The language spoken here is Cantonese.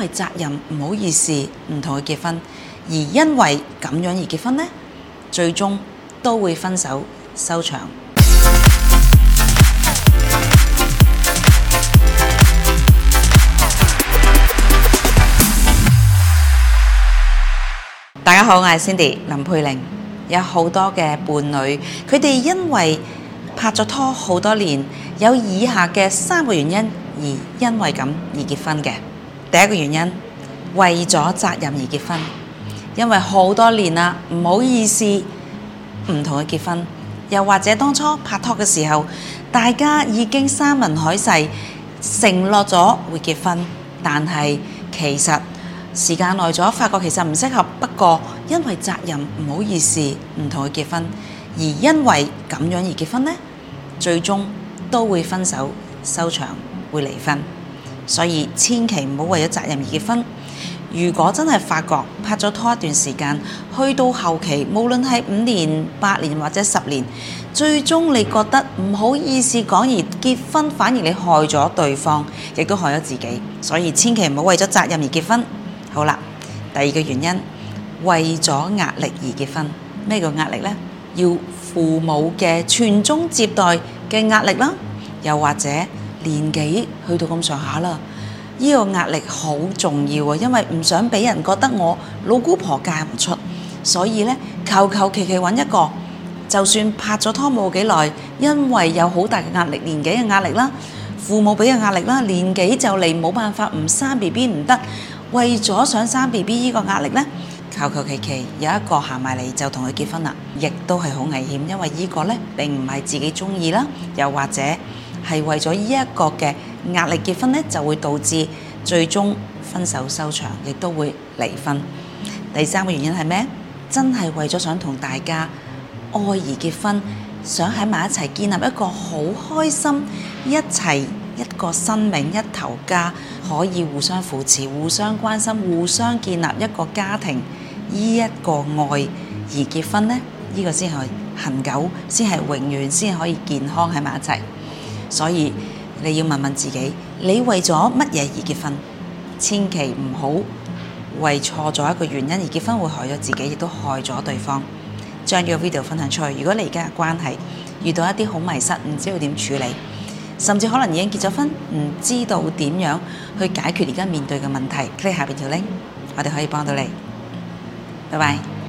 因為責任，唔好意思，唔同佢結婚，而因為咁樣而結婚呢，最終都會分手收場。大家好，我係 Cindy 林佩玲。有好多嘅伴侶，佢哋因為拍咗拖好多年，有以下嘅三個原因而因為咁而結婚嘅。第一個原因，為咗責任而結婚，因為好多年啦，唔好意思，唔同佢結婚。又或者當初拍拖嘅時候，大家已經山盟海誓，承諾咗會結婚，但係其實時間耐咗，發覺其實唔適合。不過因為責任，唔好意思，唔同佢結婚。而因為咁樣而結婚呢，最終都會分手，收場會離婚。所以千祈唔好為咗責任而結婚。如果真係發覺拍咗拖一段時間，去到後期，無論係五年、八年或者十年，最終你覺得唔好意思講而結婚，反而你害咗對方，亦都害咗自己。所以千祈唔好為咗責任而結婚。好啦，第二個原因，為咗壓力而結婚。咩叫壓力呢？要父母嘅傳宗接代嘅壓力啦，又或者。年紀去到咁上下啦，呢個壓力好重要啊，因為唔想俾人覺得我老姑婆嫁唔出，所以呢，求求其其揾一個，就算拍咗拖冇幾耐，因為有好大嘅壓力，年紀嘅壓力啦，父母俾嘅壓力啦，年紀就嚟冇辦法唔生 BB 唔得，為咗想生 BB 呢個壓力呢，求求其其有一個行埋嚟就同佢結婚啦，亦都係好危險，因為呢個呢，並唔係自己中意啦，又或者。係為咗呢一個嘅壓力結婚呢就會導致最終分手收場，亦都會離婚。第三個原因係咩？真係為咗想同大家愛而結婚，想喺埋一齊建立一個好開心，一齊一個生命，一頭家可以互相扶持、互相關心、互相建立一個家庭。呢一個愛而結婚呢，呢個先係恒久，先係永遠，先可以健康喺埋一齊。所以你要問問自己，你為咗乜嘢而結婚？千祈唔好為錯咗一個原因而結婚，結婚會害咗自己，亦都害咗對方。將呢個 video 分享出去，如果你而家嘅關係遇到一啲好迷失，唔知道點處理，甚至可能已經結咗婚，唔知道點樣去解決而家面對嘅問題。睇下邊條 link，我哋可以幫到你。拜拜。